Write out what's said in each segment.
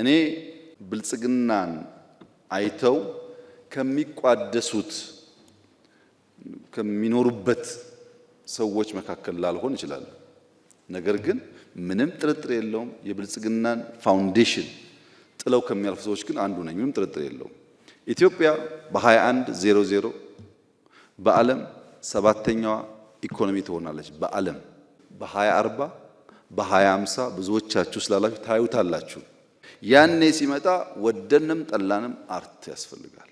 እኔ ብልጽግናን አይተው ከሚቋደሱት ከሚኖሩበት ሰዎች መካከል ላልሆን ይችላል። ነገር ግን ምንም ጥርጥር የለውም የብልጽግናን ፋውንዴሽን ጥለው ከሚያልፉ ሰዎች ግን አንዱ ነኝ። ምንም ጥርጥር የለውም። ኢትዮጵያ በ2100 በዓለም ሰባተኛዋ ኢኮኖሚ ትሆናለች። በዓለም በ2040 በ2050 ብዙዎቻችሁ ስላላችሁ ታዩታላችሁ። ያኔ ሲመጣ ወደንም ጠላንም አርት ያስፈልጋል።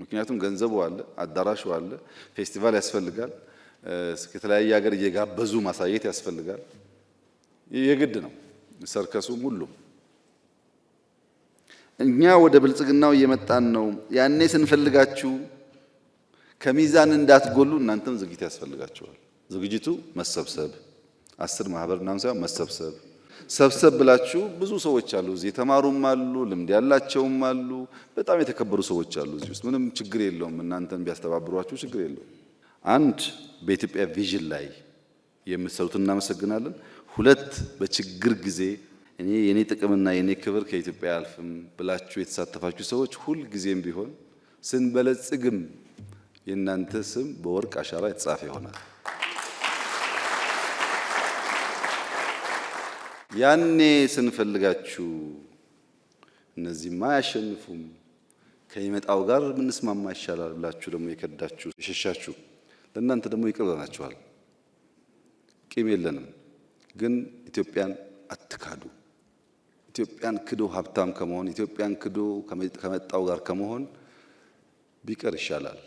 ምክንያቱም ገንዘቡ አለ፣ አዳራሹ አለ፣ ፌስቲቫል ያስፈልጋል፣ ከተለያየ ሀገር እየጋበዙ ማሳየት ያስፈልጋል። የግድ ነው ሰርከሱም ሁሉም። እኛ ወደ ብልጽግናው እየመጣን ነው። ያኔ ስንፈልጋችሁ ከሚዛን እንዳትጎሉ እናንተም ዝግጅት ያስፈልጋችኋል። ዝግጅቱ መሰብሰብ አስር ማህበር ምናምን ሳይሆን መሰብሰብ ሰብሰብ ብላችሁ ብዙ ሰዎች አሉ እዚህ የተማሩም አሉ ልምድ ያላቸውም አሉ። በጣም የተከበሩ ሰዎች አሉ እዚህ ውስጥ ምንም ችግር የለውም። እናንተን ቢያስተባብሯችሁ ችግር የለውም። አንድ በኢትዮጵያ ቪዥን ላይ የምትሰሩት እናመሰግናለን። ሁለት በችግር ጊዜ እኔ የኔ ጥቅምና የኔ ክብር ከኢትዮጵያ አልፍም ብላችሁ የተሳተፋችሁ ሰዎች ሁልጊዜም ቢሆን ስንበለጽግም የእናንተ ስም በወርቅ አሻራ የተጻፈ ይሆናል። ያኔ ስንፈልጋችሁ እነዚህማ አያሸንፉም ከሚመጣው ጋር ምንስማማ ይሻላል ብላችሁ ደግሞ የከዳችሁ የሸሻችሁ ለእናንተ ደግሞ ይቅር ብለናችኋል። ቂም የለንም፣ ግን ኢትዮጵያን አትካዱ። ኢትዮጵያን ክዶ ሀብታም ከመሆን ኢትዮጵያን ክዶ ከመጣው ጋር ከመሆን ቢቀር ይሻላል።